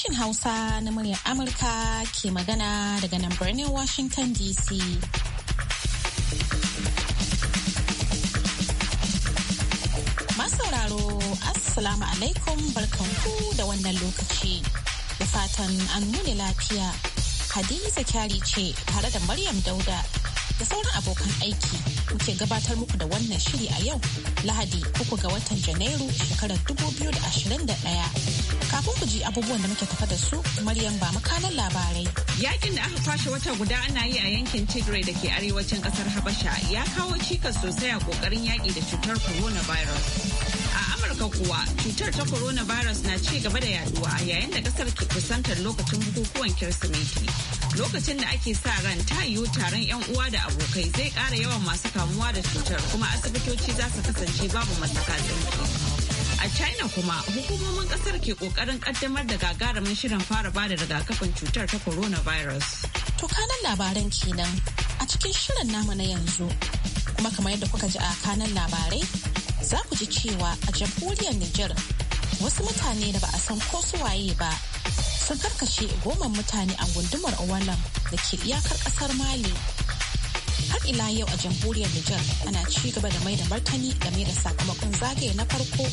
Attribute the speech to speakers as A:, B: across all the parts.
A: sashen Hausa na muryar Amurka ke magana daga nan birnin Washington DC. Masauraro, Assalamu alaikum barkanku da wannan lokaci. Da fatan an nuna lafiya. Hadiza kyari ce tare da Maryam Dauda da sauran abokan aiki muke gabatar muku da wannan shiri a yau Lahadi uku ga watan Janairu shekarar 2021. Kafin ku
B: ji abubuwan da
A: muke tafa da su, Maryam ba makanan labarai.
B: Yakin da aka kwashe wata guda ana yi a yankin Tigray da ke arewacin kasar Habasha ya kawo cikas sosai a kokarin yaki da cutar coronavirus. Amurka kuwa cutar ta coronavirus na ci gaba da yaduwa yayin da kasar ke kusantar lokacin bukukuwan Kirsimeti. Lokacin da ake sa ran ta yiwu taron 'yan uwa da abokai zai ƙara yawan masu kamuwa da cutar kuma asibitoci za su kasance babu matsaka tsinki. A China kuma hukumomin kasar ke kokarin kaddamar da gagarumin shirin fara bada rigakafin cutar ta coronavirus. To kanan
A: labaran kenan a cikin shirin namu na yanzu. Kuma kamar yadda kuka ji a kanan labarai za ku ji cewa a jamhuriyar Nijar wasu mutane da ba a san ko su waye ba sun karkashe goma mutane a gundumar Owalam da ke iyakar kasar Mali. har ila yau a jamhuriyar Nijar ana ci gaba da mai da martani game da sakamakon zagaye na farko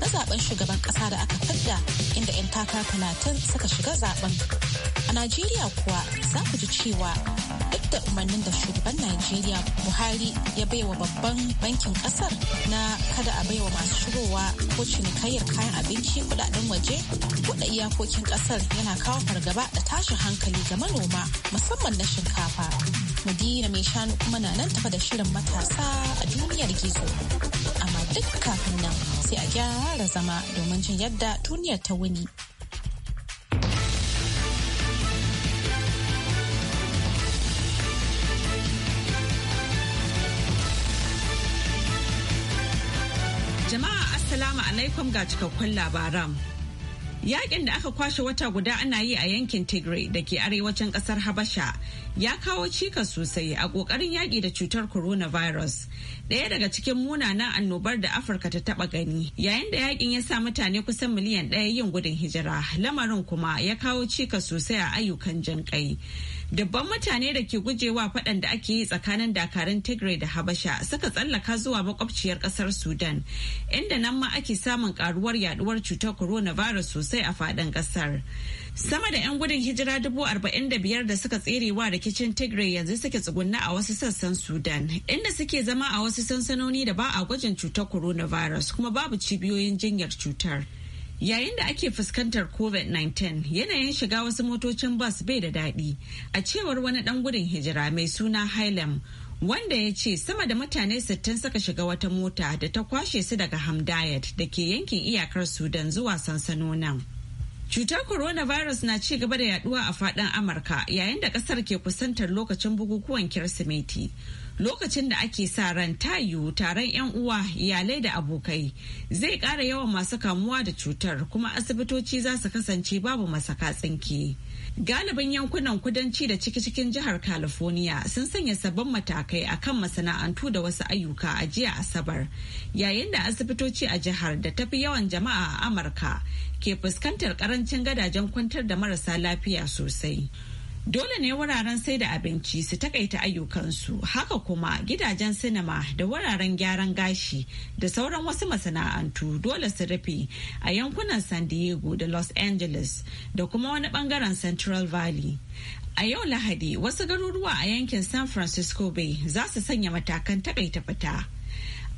A: na zaben shugaban kasa da aka fadda inda 'yan takara talatin suka shiga zaben. A Najeriya kuwa za ku ji cewa duk da umarnin da shugaban Najeriya Buhari ya baiwa babban bankin kasar na kada a baiwa masu shigowa ko cinikayyar kayan abinci kudaden waje buɗe iyakokin kasar yana kawo fargaba da tashi hankali ga manoma musamman na shinkafa. Madina mai shanu kuma na nan tafa da shirin matasa a duniyar gizo. Amma duk kafin nan sai a gyara zama domin jin yadda duniyar ta wuni.
B: Jama'a Assalamu alaikum ga cikakkun labaran. Yakin da aka kwashe wata guda ana yi a yankin Tigray da ke arewacin kasar Habasha ya kawo cikas sosai a ƙoƙarin yaƙi da cutar coronavirus. Ɗaya daga cikin munanan annobar da Afirka ta taɓa gani yayin da yakin ya sa mutane kusan miliyan ɗaya yin gudun hijira lamarin kuma ya kawo cikas sosai a ayyukan jinƙai. Dabban mutane da ke gujewa faɗan da ake yi tsakanin dakarun Tigray da Habasha suka tsallaka zuwa makwabciyar ƙasar Sudan inda nan ma ake samun ƙaruwar yaɗuwar cutar coronavirus sosai. sosai a faɗin ƙasar. Sama da 'yan gudun hijira dubu arba'in da biyar da suka tsere wa rikicin Tigray yanzu suke tsugunna a wasu sassan Sudan, inda suke zama a wasu sansanoni da ba a gwajin cutar coronavirus kuma babu cibiyoyin jinyar cutar. Yayin da ake fuskantar COVID-19, yanayin shiga wasu motocin bas bai da daɗi, a cewar wani ɗan gudun hijira mai suna Hailem, wanda ya ce sama da mutane 60 suka shiga wata mota da ta kwashe su daga hamdayat da ke yankin iyakar sudan zuwa sansanonin cutar coronavirus na ci gaba da yaduwa a fadin amurka yayin da kasar ke kusantar lokacin bukukuwan kirsimeti lokacin da ake sa ran tayu taron 'yan uwa iyalai da abokai zai ƙara yawan masu kamuwa da cutar kuma asibitoci za su kasance babu masaka tsinki. Galibin yankunan kudanci da ciki-cikin jihar California sun sanya sabbin matakai a kan masana'antu da wasu ayyuka a jiya Asabar, yayin da asibitoci a jihar da tafi yawan jama'a a Amurka ke fuskantar karancin gadajen kwantar da marasa lafiya sosai. Dole ne wuraren sai da abinci su takaita ayyukansu haka kuma gidajen sinima da wuraren gyaran gashi da sauran wasu masana'antu dole su rufe a yankunan San Diego da Los Angeles da kuma wani bangaren Central Valley. A yau Lahadi wasu garuruwa a yankin San Francisco Bay za su sanya matakan takaita fita.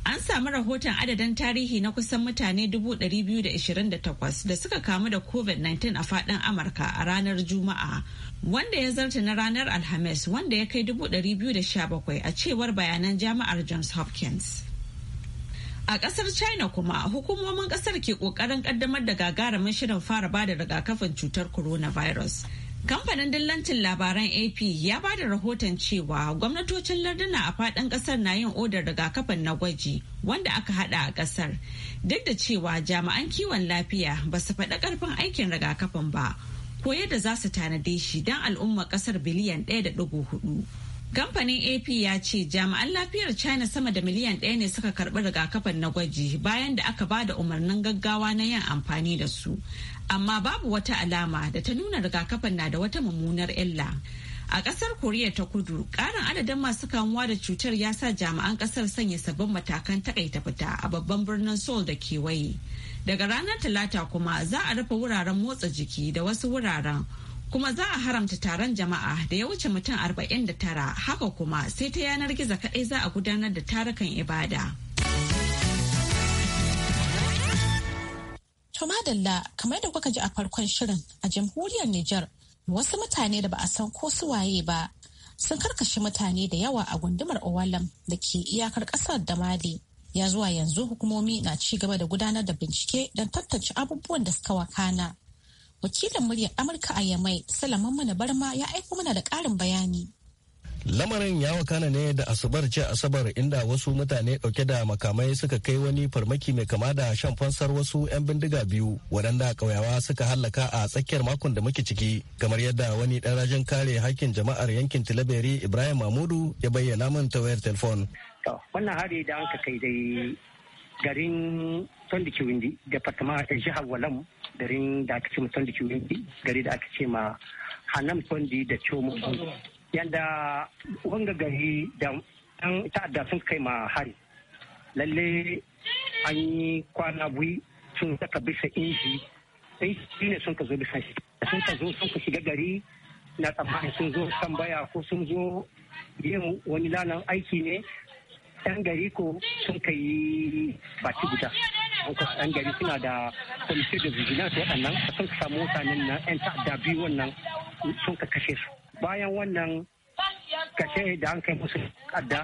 B: An samu rahoton adadin tarihi na kusan mutane 228 da suka kamu da COVID-19 a fadin Amurka a ranar Juma'a, wanda ya zarta na ranar Alhamis wanda ya kai 217 a cewar bayanan jami'ar Johns Hopkins. A kasar China kuma hukumomin kasar ke kokarin kaddamar da gagarumin shirin fara bada rigakafin cutar coronavirus. Kamfanin dillancin labaran AP ya ba da rahoton cewa gwamnatocin larduna a faɗin ƙasar na yin odar rigakafin na gwaji wanda aka haɗa a ƙasar. Duk da cewa jami'an kiwon lafiya ba su faɗi ƙarfin aikin rigakafin ba, ko yadda za su tanade shi don al'ummar ƙasar biliyan ɗaya da hudu. Kamfanin AP ya ce jami'an lafiyar China sama da miliyan ɗaya ne suka karɓi rigakafin na gwaji bayan da aka ba da umarnin gaggawa na yin amfani da su. amma babu wata alama da ta nuna rigakafin na da wata mummunar illa. A ƙasar Koriya ta kudu, ƙarin adadin masu kamuwa da cutar ya sa jami'an ƙasar sanya sabbin matakan takaita fita a babban birnin Seoul da kewaye. Daga ranar Talata kuma za a rufe wuraren motsa jiki da wasu wuraren, kuma za a haramta taron jama'a da ya wuce mutum arba'in da tara haka kuma sai ta yanar gizo kaɗai za a gudanar da tarukan ibada. To madalla kamar da kuka ji a
A: farkon shirin a jamhuriyar Nijar wasu mutane da ba a san ko su waye ba sun karkashi mutane da yawa a gundumar Owalam da ke iyakar kasar da Mali. Ya zuwa yanzu hukumomi na ci gaba da gudanar da bincike don tantance abubuwan da suka wakana. Wakilin muryar Amurka a Yamai Salaman Mana Barma ya aiko mana da ƙarin bayani.
C: lamarin ya wakana ne da asabar ce asabar inda wasu mutane dauke da makamai suka kai wani farmaki mai kama da shan fansar wasu 'yan bindiga biyu waɗanda ƙauyawa suka hallaka a tsakiyar makon da muke ciki kamar yadda wani ɗan rajin kare hakkin jama'ar yankin tilaberi ibrahim mahmudu ya bayyana min ta wayar telefon.
D: wannan hari da an kai dai garin tondiki windi departement jihar walam garin da aka ce ma tondiki windi gari da aka ce ma hanam tondi da chomo yanda wanga gari da ɗan ta'adda sun kai ma hari lalle an yi kwana bui sun saka bisa inji inji ne sun ka zo bisa shi sun ka zo sun ka shiga gari na tsammanin sun zo tambaya ko sun zo yin wani lalan aiki ne ɗan gari ko sun ka yi baki guda ɗan gari suna da kwamitin da su waɗannan sun ka samu mutanen nan yan ta'adda biyu wannan sun ka kashe su bayan wannan kashe da an kai musu kadda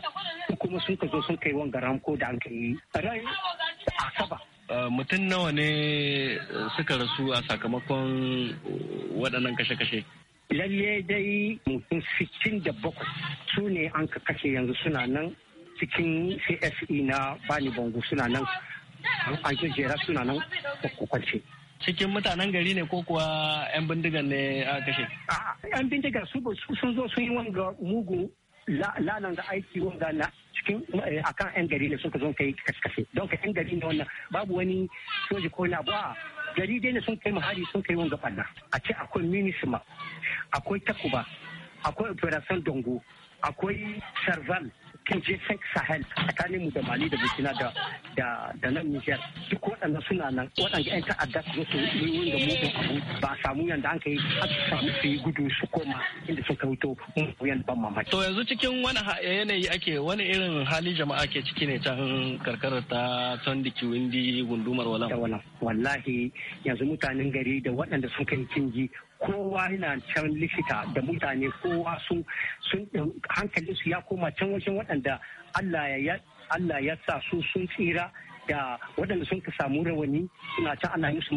D: kuma sun ka zo sun kai garam ko da an kai
E: rai asaba
C: uh, mutum nawa ne uh, suka rasu a sakamakon uh, waɗannan kashe-kashe
D: lalle dai mutum sittin da bakwai su ne an ka kashe yanzu suna nan cikin cse na bani bango suna nan an jejjera suna nan kwance cikin mutanen gari ne ko
C: kuwa 'yan bindigan ne a kashe?
D: yan bindigan su sun zo sun yi wanga mugu lanan da aiki wanga na cikin eh, akan 'yan gari ne suka zo kai kashe don ka 'yan gari ne wannan babu wani soji ko na gari dai ne sun kai mahari sun kai wanga ɓanna a ce akwai minisma akwai takuba akwai operation dongo akwai sarval je jefin sahel tsakanin mu da mali da burkina da da nan niger duk waɗanda suna nan waɗanda yan ta'adda su su yi da mugun abu ba a samu yanda an kai an samu su yi gudu su koma inda suka wuto mugun ban mamaki.
C: to yanzu cikin wani yanayi ake wani irin hali jama'a ke ciki ne ta karkarar
D: ta tondiki windi gundumar walam. wallahi yanzu mutanen gari da waɗanda sun kai kingi kowa yana can likita da mutane kowa sun hankalinsu ya koma can wajen waɗanda Allah ya Allah ya sa su sun tsira da waɗanda sun ka samu rawani suna ta ana musu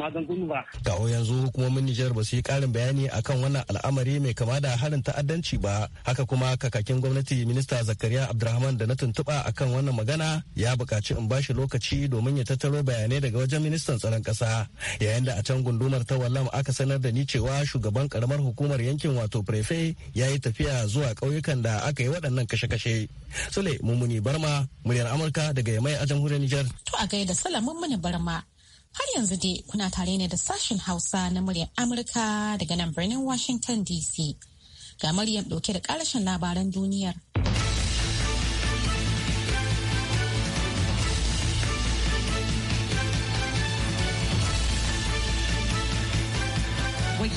D: ba. Kawo yanzu
C: hukumomin Nijar ba su yi ƙarin bayani akan wannan al'amari mai kama da harin ta'addanci ba. Haka kuma kakakin gwamnati minista Zakariya Abdurrahman da na tuntuɓa akan wannan magana ya buƙaci in bashi lokaci domin ya tattaro bayanai daga wajen ministan tsaron ƙasa. Yayin da a can gundumar ta Wallam aka sanar da ni cewa shugaban karamar hukumar yankin wato prefe ya yi tafiya zuwa ƙauyukan da aka yi waɗannan kashe-kashe. Sule Mumuni Barma, muryar Amurka daga Yamai a jamhuriyar Nijar.
A: a gaida salamin mini barma. Har yanzu dai kuna tare ne da sashen Hausa na muryar Amurka daga nan birnin Washington DC. Ga muryar ɗauke da karshen labaran duniyar.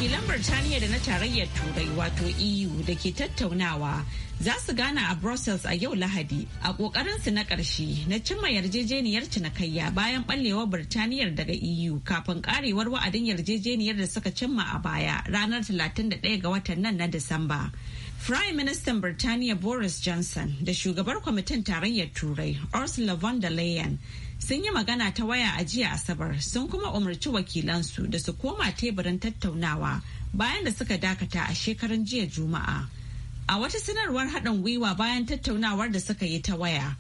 B: wakilan Birtaniya da na tarayyar Turai wato EU da ke tattaunawa za su gana a Brussels a yau Lahadi a su na ƙarshe na cimma yarjejeniyar cinikayya bayan ɓallewar Birtaniyar daga EU kafin ƙarewar wa'adin yarjejeniyar da suka cimma a baya ranar 31 ga watan nan na Disamba. Prime Minister Birtaniya Boris Johnson da shugabar kwamitin tarayyar Turai Ursula von der Leyen sun yi magana ta waya a jiya asabar sun kuma umarci wakilansu da su koma teburin tattaunawa bayan da suka dakata a shekarun jiya juma'a a wata sanarwar haɗin gwiwa bayan tattaunawar da suka yi ta waya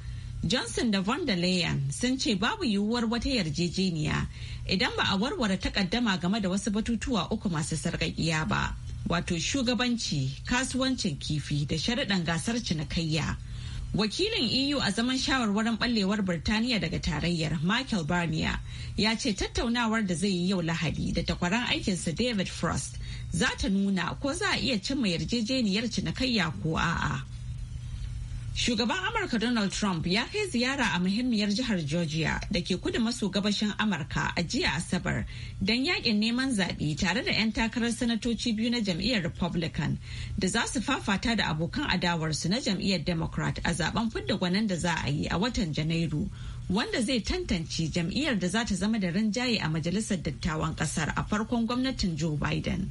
B: johnson da von der leyen sun ce babu yiwuwar wata yarjejeniya idan ba a warware takaddama game da wasu batutuwa uku masu sarƙaƙiya ba wato shugabanci kasuwancin kifi da sharaɗan gasar cinikayya Wakilin EU a zaman shawarwarin ɓallewar Birtaniya daga tarayyar Michael Barnier ya ce tattaunawar da zai yi yau Lahadi da takwaran aikinsa David Frost za ta nuna ko za a iya cimma yarjejeniyar cinikayya ko a'a. Shugaban Amurka Donald Trump ya kai ziyara a muhimmiyar jihar Georgia da ke kudu maso gabashin Amurka a jiya Asabar don yakin neman zaɓe tare da 'yan takarar sanatoci biyu na jam'iyyar Republican da za su fafata da abokan adawarsu na jam'iyyar Democrat a zaben fidda gwanin da za a yi a watan Janairu wanda zai tantance jam'iyyar da za ta zama da rinjaye a majalisar dattawan kasar a farkon gwamnatin Joe Biden.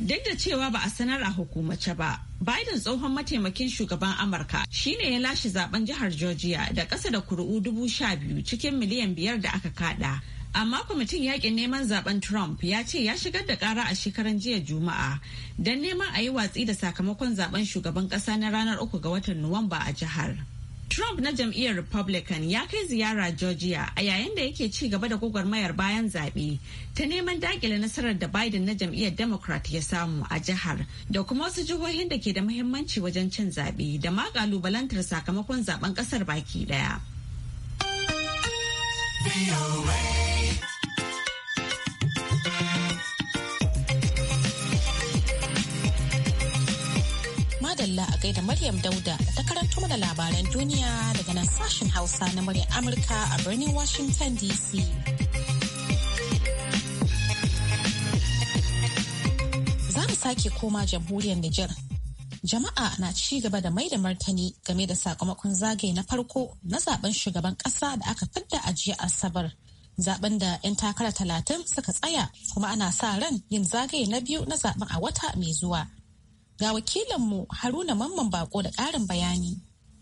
B: Duk da cewa ba a sanar a hukumace ba, Biden tsohon mataimakin shugaban Amurka shine ya lashe zaben jihar Georgia da ƙasa da kuri'u dubu sha biyu cikin miliyan biyar da aka kada. Amma kwamitin yakin neman zaben Trump ya ce ya shigar da kara a shekaran jiya Juma'a don neman a yi watsi da sakamakon zaben shugaban ƙasa na ranar uku ga watan Nuwamba a jihar. Trump na jam'iyyar Republican ya kai ziyara Georgia a yayin da yake ci gaba da gwagwarmayar bayan zaɓe ta neman dakile nasarar da Biden na jam'iyyar Democrat ya samu a jihar da kuma wasu jihohin da ke da muhimmanci wajen cin zaɓe da ma ƙalubalantar sakamakon zaben ƙasar baki ɗaya.
A: da Maryam Dauda ta karanto mana labaran duniya daga nan sashen Hausa na muryar Amurka a birnin Washington DC. Za mu sake koma jamhuriyar Nijar. Jama'a na ci gaba da mai da martani game da sakamakon zagaye na farko na zaben shugaban kasa da aka fidda a jiya Asabar. zaben da 'yan takara talatin suka tsaya kuma ana sa ran yin zagaye na biyu na zaben a wata mai zuwa. Ga wakilanmu Haruna Mamman Bako da ƙarin bayani.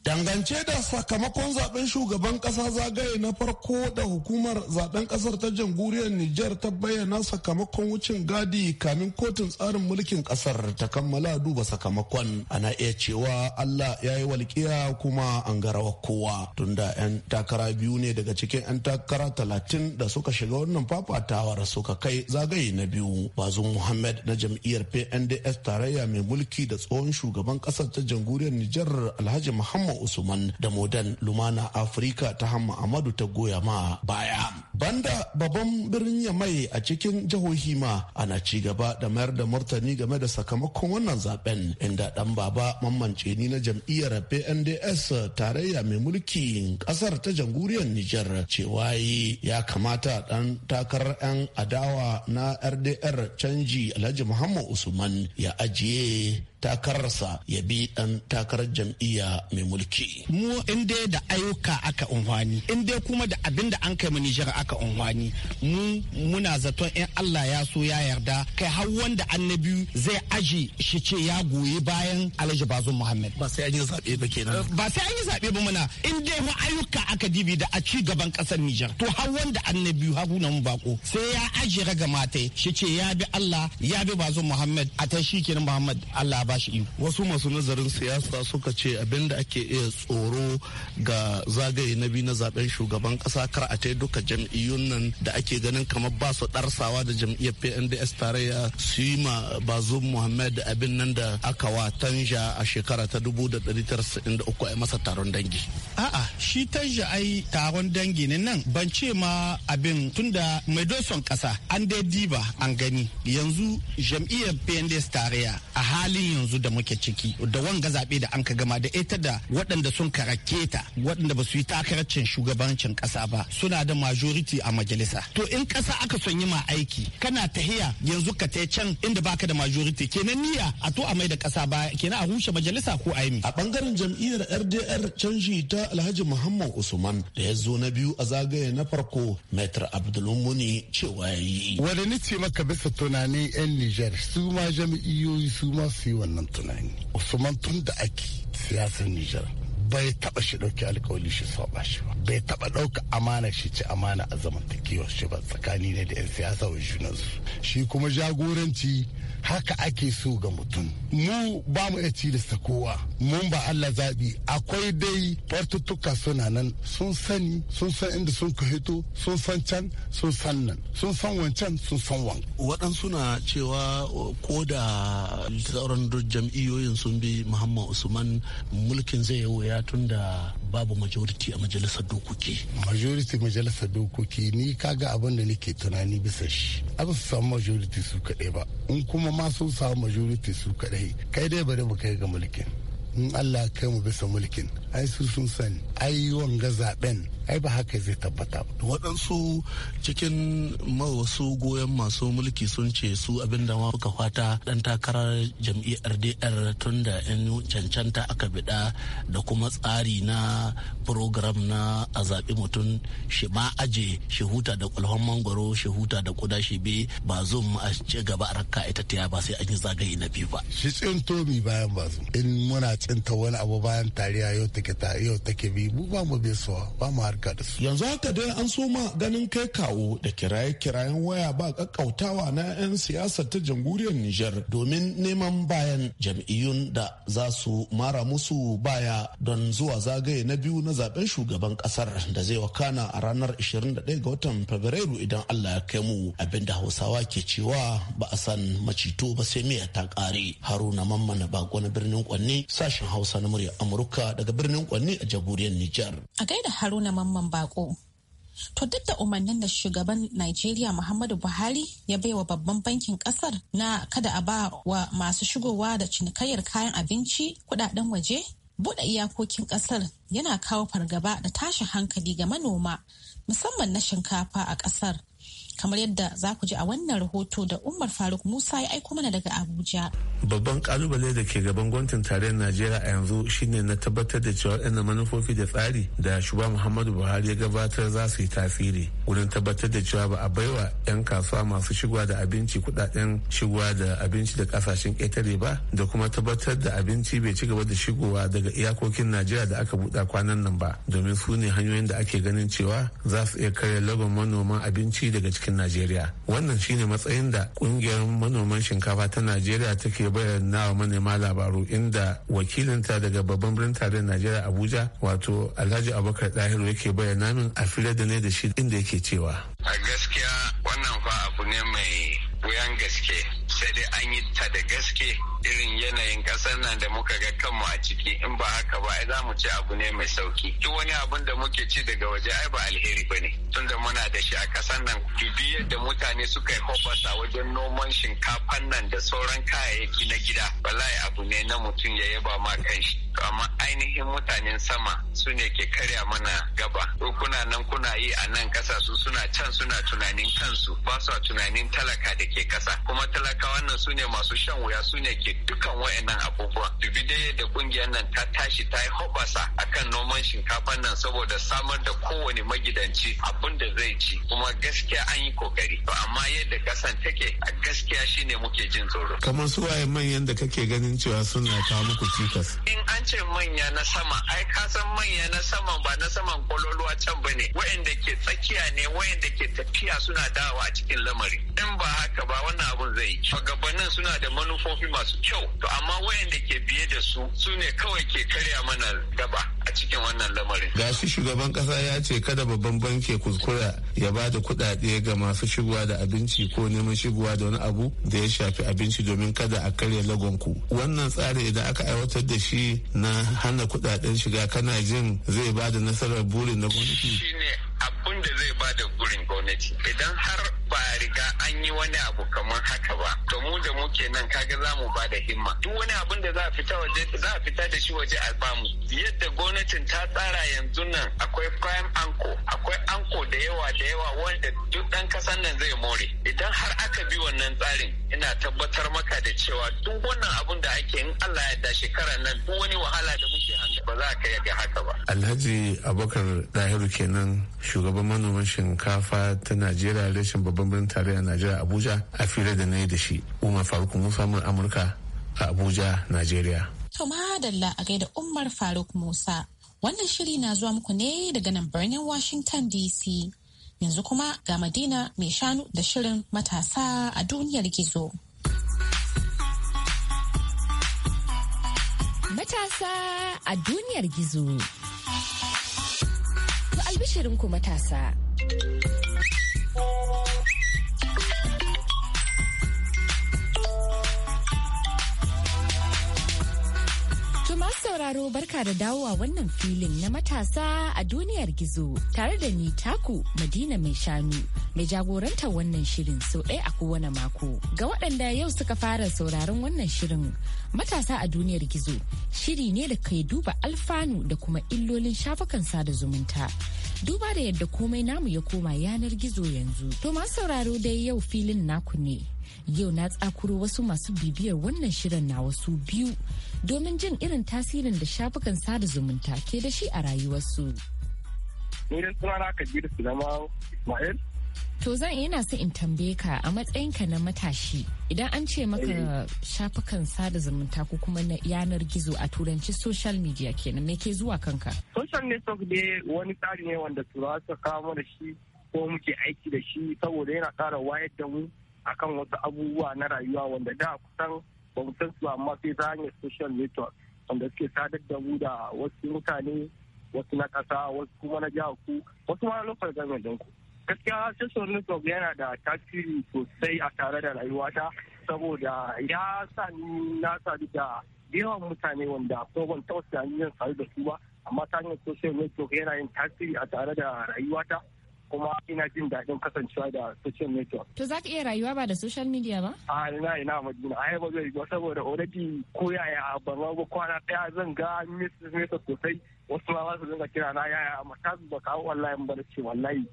F: dangance da sakamakon zaben shugaban kasa zagaye na farko da hukumar zaben kasar ta jamhuriyar niger ta bayyana sakamakon wucin gadi kamin kotun tsarin mulkin kasar ta kammala duba sakamakon ana iya cewa allah ya yi walƙiya kuma an garawa kowa tunda 'yan takara biyu ne daga cikin 'yan takara talatin da suka shiga wannan fafatawar suka kai zagaye na biyu bazu muhammad na jam'iyyar pnds tarayya mai mulki da tsohon shugaban kasar ta jamhuriyar niger alhaji muhammad usman da modern lumana afirka ta hamma amadu ta goya ma baya banda babban birnin yamai a cikin jihohi ma ana ci gaba da mayar da martani game da sakamakon wannan zaben inda dan baba mamance ni na jam'iyyar pnds tarayya mai mulki kasar ta jamhuriyar niger cewa ya kamata dan takarar 'yan adawa na rdr canji alhaji muhammad usman ya ajiye takararsa ya bi dan takarar jam'iyya mai mulki.
G: Mu in dai da ayyuka aka unhwani, in dai kuma da abin da an kai mu Nijar aka unhwani, mu muna zaton in Allah ya so ya yarda kai har wanda annabi zai aji shi ce ya goyi bayan Alhaji Bazum Muhammad. Ba sai an yi zaɓe ba kenan. Eh, ba sai an yi zaɓe ba muna in dai mu ayyuka aka dibi da a ci gaban ƙasar Nijar. To har wanda annabi Haruna mu bako sai ya aji raga matai shi ce ya bi Allah ya bi Bazum Muhammad a ta shi kenan Muhammad Allah ba shi wasu
F: masu nazarin siyasa suka ce abin da ake iya tsoro ga zagaye na biyu na zaben shugaban kasa kar a ta duka jam'iyyun nan da ake ganin kamar ba su darsawa da jam'iyyar pnds tarayya su yi ma bazum muhammad abin nan da aka wa tanja a shekara ta 1993 a masa taron dangi
G: a'a shi tanja ai taron dangi ne nan ban ce ma abin tunda mai doson kasa an dai diba an gani yanzu jam'iyyar pnds tarayya a halin yanzu da muke ciki da wanga zaɓe da an ka gama da ita da waɗanda sun karake ta waɗanda ba su yi takaracin shugabancin ƙasa ba suna da majority a majalisa to in ƙasa aka son yi ma aiki kana tahiya yanzu ka tai can inda baka da majority kenan niyya a to a mai da ƙasa ba kenan a rushe majalisa ko a yi a
F: bangaren jam'iyyar RDR canji ta Alhaji Muhammad Usman da ya zo na biyu a zagaye na farko metr Abdulmuni cewa ya yi. wani ni ce maka bisa tunanin
H: 'yan Nijar su ma jam'iyyoyi su ma su yi wannan tunani usman tun da ake siyasar nijar bai taba shi dauki alkawali shi saba shi ba bai taba dauka amana shi ci amana a zamantakewar shi ba tsakani ne da yan siyasa wa junansu shi kuma jagoranci haka ake so ga mutum mu ba mu iya cilista kowa mun ba Allah zaɓi akwai dai fartuttuka suna nan sun sani sun san inda sun ka hito sun san can sun san nan sun san wancan sun san wan
F: waɗansu na cewa ko da sauran jam'iyyoyin sun bi muhammad usman mulkin zai wuya tun da babu majority a majalisar dokoki majority majalisar
H: dokoki ni kaga abin da nake tunani bisa shi abu su samu majority su kaɗai ba in kuma ma sun samu majority su kaɗai kai dai bari mu kai ga mulkin in allah kai mu bisa mulkin ai su sun sani ai wanga zaben ai ba haka zai tabbata ba
F: waɗansu cikin mawasu goyon masu mulki sun ce su abin da suka fata ɗan takarar jam'iyyar dr tun da yan cancanta aka biɗa da kuma tsari na program na a zaɓi mutum shi ma aje shi huta da kwalhon mangoro shi huta da kuda shi be ba mu a ci gaba a rakka ita ta ba sai an yi zagaye na biyu ba
H: shi tsin bayan ba in muna tsinta wani abu bayan tariya yau take ta yau take bi mu ba mu so ba mu har Amurka Yanzu haka dai an
F: soma ganin kai kawo da kiraye-kirayen waya ba kakkautawa na 'yan siyasa ta jamhuriyar Nijar domin neman bayan jam'iyyun da za su mara musu baya don zuwa zagaye na biyu na zaben shugaban kasar da zai wakana a ranar 21 ga watan Fabrairu idan Allah ya kai mu abinda Hausawa ke cewa ba a san macito ba sai miya ta kare. Haruna Mammana Bako na birnin Kwanne sashen Hausa na murya Amurka daga birnin Kwanne a jamhuriyar Nijar.
A: A gaida Haruna musamman Bako. To duk da umarnin da shugaban Najeriya Muhammadu Buhari ya baiwa babban bankin kasar na kada a ba wa masu shigowa da cinikayyar kayan abinci kudaden waje, buɗe iyakokin kasar yana kawo fargaba da tashin hankali ga manoma musamman na shinkafa a kasar kamar yadda za ku ji a wannan rahoto da umar faruk musa ya aiko mana daga abuja
I: babban kalubale da ke gaban gwamnatin tarayyar najeriya a yanzu shine na tabbatar da cewa yana manufofi da tsari da shugaba muhammadu buhari ya gabatar za su yi tasiri wurin tabbatar da cewa ba a baiwa 'yan kasuwa masu shigowa da abinci kudaden shigowa da abinci da kasashen ƙetare ba da kuma tabbatar da abinci bai ci gaba da shigowa daga iyakokin najeriya da aka buɗa kwanan nan ba domin su ne hanyoyin da ake ganin cewa za su iya karya lagon manoman abinci daga cikin cikin najeriya wannan shine matsayin da kungiyar manoman shinkafa ta najeriya take bayyana wa manema labaru inda wakilinta daga babban birnin tarayyar najeriya abuja wato alhaji abubakar dahiru yake bayyana min a fira da ne da shi inda yake cewa
J: a gaskiya wannan fa abu ne mai wuyan gaske sai dai an yi ta da gaske irin yanayin ƙasar nan da muka ga kanmu a ciki in ba haka ba ai za mu ci abu ne mai sauki duk wani abin da muke ci daga waje ai ba alheri ba ne tunda muna da shi a kasar nan dubi yadda mutane suka yi hoɓasa wajen noman shinkafan nan da sauran kayayyaki na gida wallahi abu ne na mutum ya yaba ma kanshi to amma ainihin mutanen sama su ne ke karya mana gaba ko kuna nan kuna yi a nan kasa su suna can suna tunanin kansu ba su tunanin talaka da ke kasa kuma talakawan nan su ne masu shan wuya su ne ke dukan wayannan abubuwa dubi dai yadda kungiyar nan ta tashi ta yi a kan noman shinkafa nan saboda samar da kowane magidanci abin da zai ci kuma gaskiya an yi kokari to amma yadda kasan take a gaskiya shine muke jin tsoro
I: kamar su waye manyan da kake ganin cewa suna kawo muku cikas
J: in an ce manya na sama ai ka san manya na sama ba na saman kololuwa can bane wayanda ke tsakiya ne wayanda ke tafiya suna dawa a cikin lamari in ba haka gaba wannan abun zai yi shugabannin suna da manufofi masu kyau to amma wayanda ke biye da su su ne kawai ke karya mana gaba a cikin wannan lamarin
I: gashi shugaban kasa ya ce kada babban banki kuskura ya ba da kuɗaɗe ga masu shigowa da abinci ko neman shigowa da wani abu da ya shafi abinci domin kada a karya lagon ku wannan tsari idan aka aiwatar da shi na hana kuɗaɗen shiga kana jin zai ba da nasarar burin na gwamnati
J: shine wanda zai ba da gurin gwamnati idan har ba riga an yi wani abu kamar haka ba to mu da muke nan kaga za mu ba da himma duk wani abun da za a fita waje za a fita da shi waje a ba mu yadda gwamnatin ta tsara yanzu nan akwai prime anko akwai anko da yawa da yawa wanda duk dan kasan nan zai more idan har aka bi wannan tsarin ina tabbatar maka da cewa duk wannan abun da ake in Allah ya da shekarar nan duk wani wahala da muke hanga ba za ka yaga haka ba
I: Alhaji Abubakar Dahiru kenan shugaban shugaban manoman shinkafa ta najeriya rashin babban birnin tarayya najeriya abuja a fira da na yi da shi umar faruk musa amurka a abuja najeriya
A: to madalla a gaida umar faruk musa wannan shiri na zuwa muku ne daga nan birnin washington dc yanzu kuma ga madina mai shanu da shirin matasa a duniyar gizo
K: matasa a duniyar gizo shirin ku matasa. sauraro barka da dawowa wannan filin na matasa a duniyar gizo tare da ni taku madina mai shanu mai jagorantar wannan shirin sau ɗaya a kowane mako ga waɗanda yau suka fara sauraron wannan shirin matasa a duniyar gizo shiri ne da kai duba alfanu da kuma illolin shafukan sada zumunta duba da yadda komai namu ya koma yanar gizo yanzu. To masu sauraro dai yau filin naku ne. Yau na tsakuro wasu masu bibiyar wannan shirin na wasu biyu domin jin irin tasirin da shafukan sada zumunta ke da shi a rayuwarsu.
E: Ni da sunana Kabir Sulaiman Ismail
K: To zan yana so in tambaye ka a matsayinka na matashi idan an ce maka eh. shafukan sada zumunta ko kuma na yanar gizo a turanci social media kenan me ke zuwa kanka?
E: Social network dai wani tsari ne wanda turawa su kama da shi ko muke aiki da shi saboda yana ƙara wayar da mu akan wasu abubuwa na rayuwa wanda da kusan ba mu san su amma sai ta hanyar social network wanda suke sadar da mu da wasu mutane wasu na ƙasa wasu kuma na jihar ku wasu ma na lokacin ku. gaskiya Sassuwar Nusov yana da tasiri sosai a tare da rayuwata saboda ya sa ni na sadu da yawan mutane wanda ko ban taɓa tunanin yin sadu da su ba amma ta hanyar social network yana yin tasiri a tare da rayuwata kuma ina jin daɗin kasancewa da social network.
K: To za ka iya rayuwa ba da social media ba?
E: A ina ina madina a ba zai ba saboda already ko yaya a ban ba kwana ɗaya zan ga message sosai wasu ma za su dinga kira na yaya amma ta ba kawo wallahi mu bar ce wallahi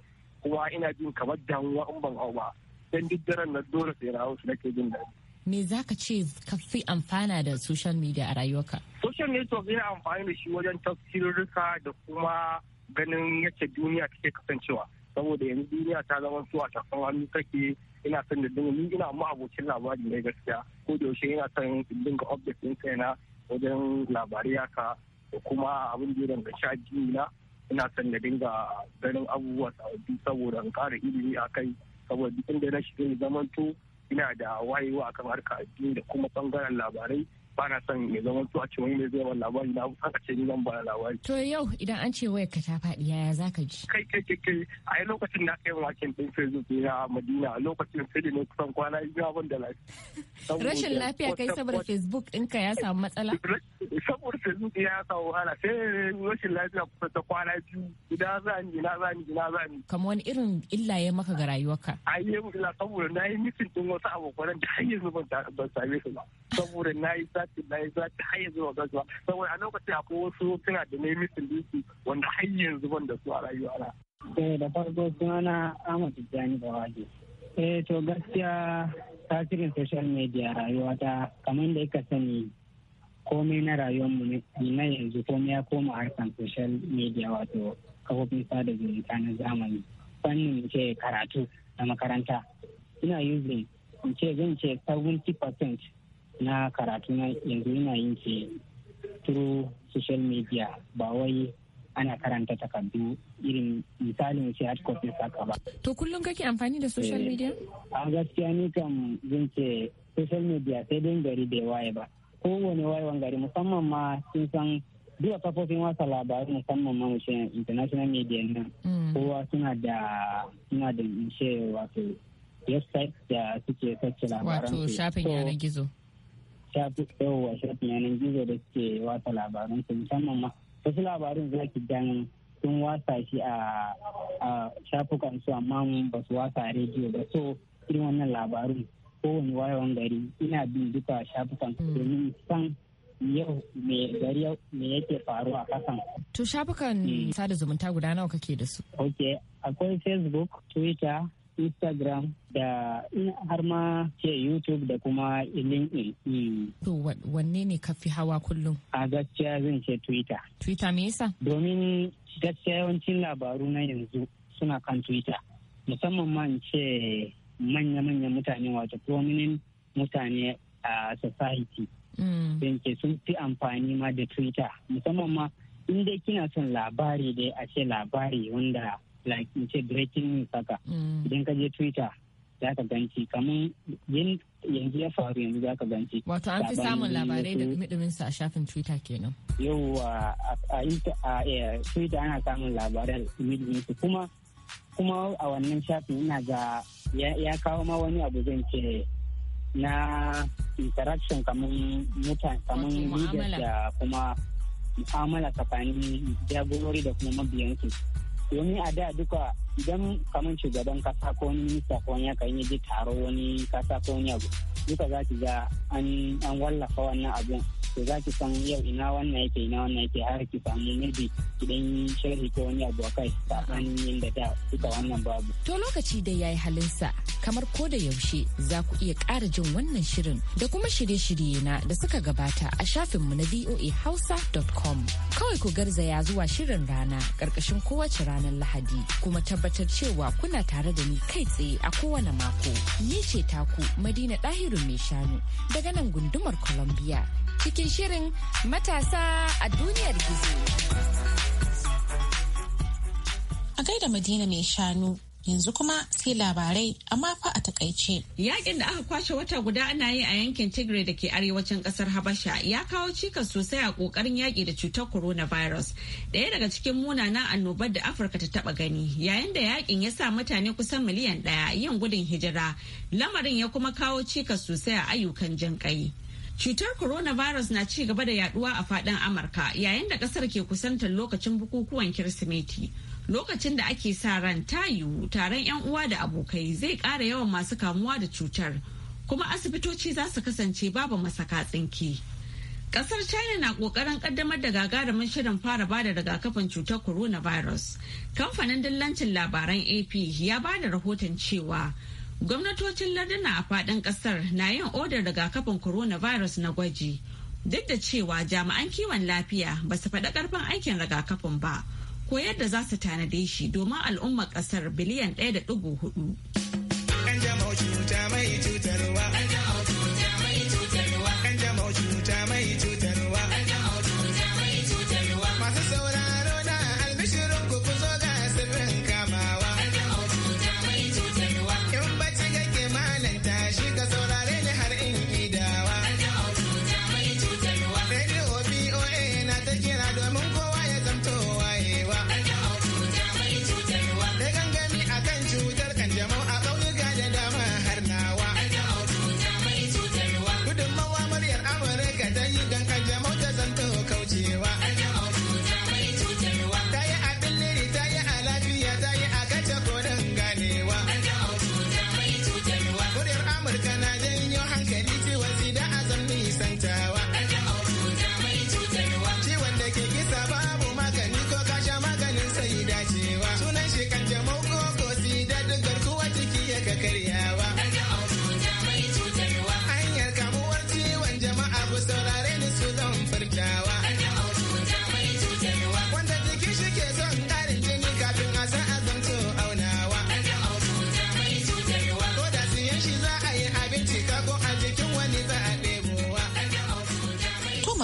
E: kuma ina jin kamar damuwa in ban hau ba dan duk daren na dole sai na hausa su nake jin daɗi.
K: Me za ka ce ka fi amfana da social media a rayuwarka?
E: Social network yana amfani da shi wajen tafsirurka da kuma ganin yadda duniya take kasancewa. Saboda yanzu duniya ta zama su a tafin hannu take ina son da dinga ni ina ma abokin labari mai gaskiya ko da yaushe ina son in dinga update din kaina wajen labarai ka da kuma abin da ya danganci addini na ina son na dinga ganin abubuwa sababbi saboda in ƙara ilimi a kai saboda inda na shiga zamanto ina da wayewa akan harka addini da kuma bangaren labarai ba na son ya zama su a cewa wani mai zai wani labari na abu saka ce ni zan ba labari.
K: To yau idan an ce wayar ka ta faɗi yaya za ka ji? Kai kai kai kai a yi lokacin
E: na kai waken ɗin Facebook na Madina a lokacin sai da ne kusan kwana biyu abin da lafiya. Rashin lafiya kai
K: saboda Facebook ɗinka ya samu matsala?
E: Saboda Facebook ya samu wahala sai rashin lafiya kusan ta kwana biyu ina za ni ina za ni ina za ni.
K: Kamar wani irin illa ya maka ga rayuwarka?
E: A yi illa saboda na yi misin ɗin wasu abokanan da har yanzu ban same su ba. Saboda na yi za ta za ta zuwa gazuwa saboda a lokacin akwai wasu suna da nemi su wanda har yanzu ban da su a rayuwa na.
L: Eh da farko sunana Ahmad Tijjani Bawaje. Eh to gaskiya tasirin social media rayuwa ta kamar da ka sani komai na rayuwarmu na yanzu komai ya koma harkar social media wato kafofin sada zumunta na zamani fannin ce karatu na makaranta ina using in ce zan ce 70% na karatu na yanzu yana yin ke through social media ba wai ana karanta takardu irin misalin shi hard copy saka ba.
K: To kullum kake amfani da social eh, media?
L: A gaskiya ni kam zan ce social media sai dai gari bai waye ba. Kowane wani gari musamman ma sun san duka kafofin wasa labarai musamman ma mushe international media nan. Mm. Kowa suna da suna da mushe wato website da suke sace labaran. Wato shafin yanar gizo. a shafin yanar gizo da suke wasa labarun su musamman ma wasu labarun za ki dan sun wasa shi a shafukan su amma ba su wasa a rediyo ba so irin wannan labarun kowane wayawan gari
K: ina bin duka shafukan mm. domin san yau me gari me yake faru a kasan. To shafukan mm. sada zumunta guda nawa kake da su? Ok, akwai Facebook, Twitter, instagram da har ma ke youtube da kuma
L: linkedin
K: to wanne ne ka fi hawa kullum
L: a gaskiya zan ce twitter
K: twitter me yasa
L: domin gaskiya yawancin labaru na yanzu suna kan twitter musamman ma ce manya-manyan mutane wato prominent mutane a society don mm. ke sun fi amfani ma da twitter musamman ma inda kina son labari dai a ce labari wanda like in ce breaking news haka mm. idan ka je twitter za ka ganci kamar yin yanzu ya faru yanzu za ka ganci wato an fi samun labarai da
K: dumi a shafin twitter kenan
L: yau a eh, twitter ana samun labarai da kuma kuma a wannan shafin ina ga ya kawo ma wani abu zan ce na interaction kamar mutane kamar leaders da kuma mu'amala tsakanin jagorori da kuma mabiyansu domin a da duka idan kamar shugaban kasa ko wani minista ko wani yakan yi ji taro wani kasa ko wani abu duka za ki ga an wallafa wannan abun to za ki san yau ina wannan yake ina wannan yake har ki samu maybe idan sharhi ko wani abu kai sabanin da ta duka wannan babu
K: to lokaci da yi halinsa kamar ko da yaushe za ku iya ƙara jin wannan shirin da kuma shirye-shirye na da suka gabata a shafinmu na dot com kawai ku garzaya zuwa shirin rana ƙarƙashin kowace ranar lahadi kuma tabbatar cewa kuna tare da ni kai tsaye a kowane mako ni ce taku madina ɗahiru mai shanu daga nan gundumar columbia cikin cikin shirin matasa a duniyar gizo. A gaida Madina mai shanu
B: yanzu kuma sai labarai amma fa a takaice. Yakin da aka kwashe wata guda ana yi a yankin Tigray da ke arewacin kasar Habasha ya kawo cikas sosai a kokarin yaki da cutar coronavirus. Daya daga cikin munanan annobar da Afirka ta taba gani yayin da yakin ya sa mutane kusan miliyan daya yin gudun hijira. Lamarin ya kuma kawo cikas sosai a ayyukan jinƙai. Cutar coronavirus na ci gaba da yaduwa a fadin Amurka yayin da kasar ke kusantar lokacin bukukuwan Kirsimeti. Lokacin da ake sa ran tayu taron 'yan uwa da abokai zai ƙara yawan masu kamuwa da cutar, kuma asibitoci za su kasance babu masaka tsinki. Kasar China na ƙoƙarin ƙaddamar da gagarumin shirin fara bada rigakafin cutar coronavirus. Kamfanin dillancin labaran AP ya bada rahoton cewa Gwamnatocin larduna a fadin ƙasar na yin odar rigakafin coronavirus na gwaji. Duk da cewa jami'an kiwon lafiya ba su faɗa ƙarfin aikin rigakafin ba, ko yadda za su tanade shi domin al'ummar ƙasar biliyan ɗaya da ɗigo hudu.
M: cutarwa.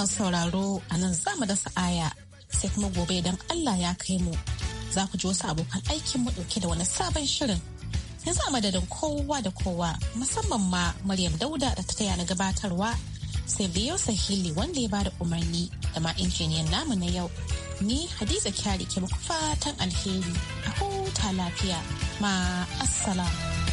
A: masu sauraro a nan za mu dasa aya sai kuma gobe idan Allah ya kai mu za ku ji wasu abokan aikin mu dauke da wani sabon shirin. Yanzu a madadin kowa da kowa musamman ma Maryam Dauda da ta taya na gabatarwa sai biyo sahili wanda ya bada umarni da ma injiniyan namu na yau. Ni Hadiza Kyari ke muku fatan alheri a huta lafiya ma assalamu.